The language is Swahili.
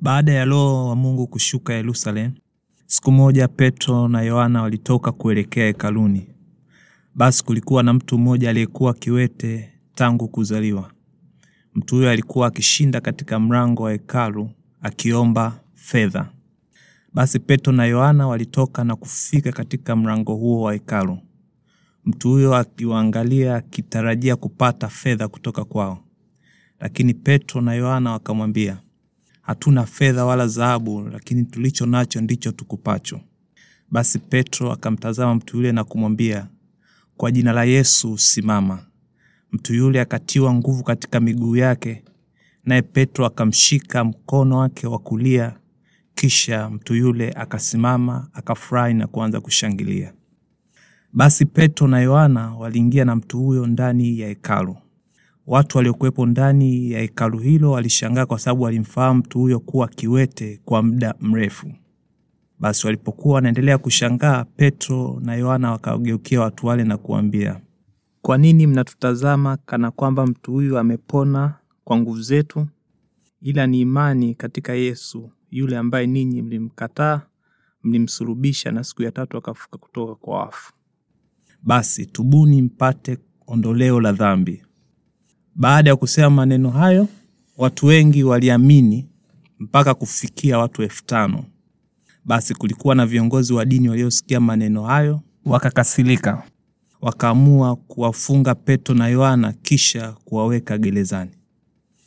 Baada ya Roho wa Mungu kushuka Yerusalemu, siku moja Petro na Yohana walitoka kuelekea hekaluni. Basi kulikuwa na mtu mmoja aliyekuwa kiwete tangu kuzaliwa. Mtu huyo alikuwa akishinda katika mlango wa hekalu akiomba fedha. Basi Petro na Yohana walitoka na kufika katika mlango huo wa hekalu, mtu huyo akiwaangalia akitarajia kupata fedha kutoka kwao. Lakini Petro na Yohana wakamwambia, hatuna fedha wala dhahabu, lakini tulicho nacho ndicho tukupacho. Basi Petro akamtazama mtu yule na kumwambia, kwa jina la Yesu simama. Mtu yule akatiwa nguvu katika miguu yake, naye Petro akamshika mkono wake wa kulia. Kisha mtu yule akasimama, akafurahi na kuanza kushangilia. Basi Petro na Yohana waliingia na mtu huyo ndani ya hekalu Watu waliokuwepo ndani ya hekalu hilo walishangaa kwa sababu walimfahamu mtu huyo kuwa kiwete kwa muda mrefu. Basi walipokuwa wanaendelea kushangaa, Petro na Yohana wakageukia watu wale na kuambia, kwa nini mnatutazama kana kwamba mtu huyu amepona kwa nguvu zetu? Ila ni imani katika Yesu yule ambaye ninyi mlimkataa, mlimsurubisha na siku ya tatu akafuka kutoka kwa wafu. Basi tubuni mpate ondoleo la dhambi. Baada ya kusema maneno hayo, watu wengi waliamini mpaka kufikia watu elfu tano. Basi kulikuwa na viongozi wa dini waliosikia maneno hayo, wakakasirika, wakaamua kuwafunga Petro na Yohana kisha kuwaweka gerezani.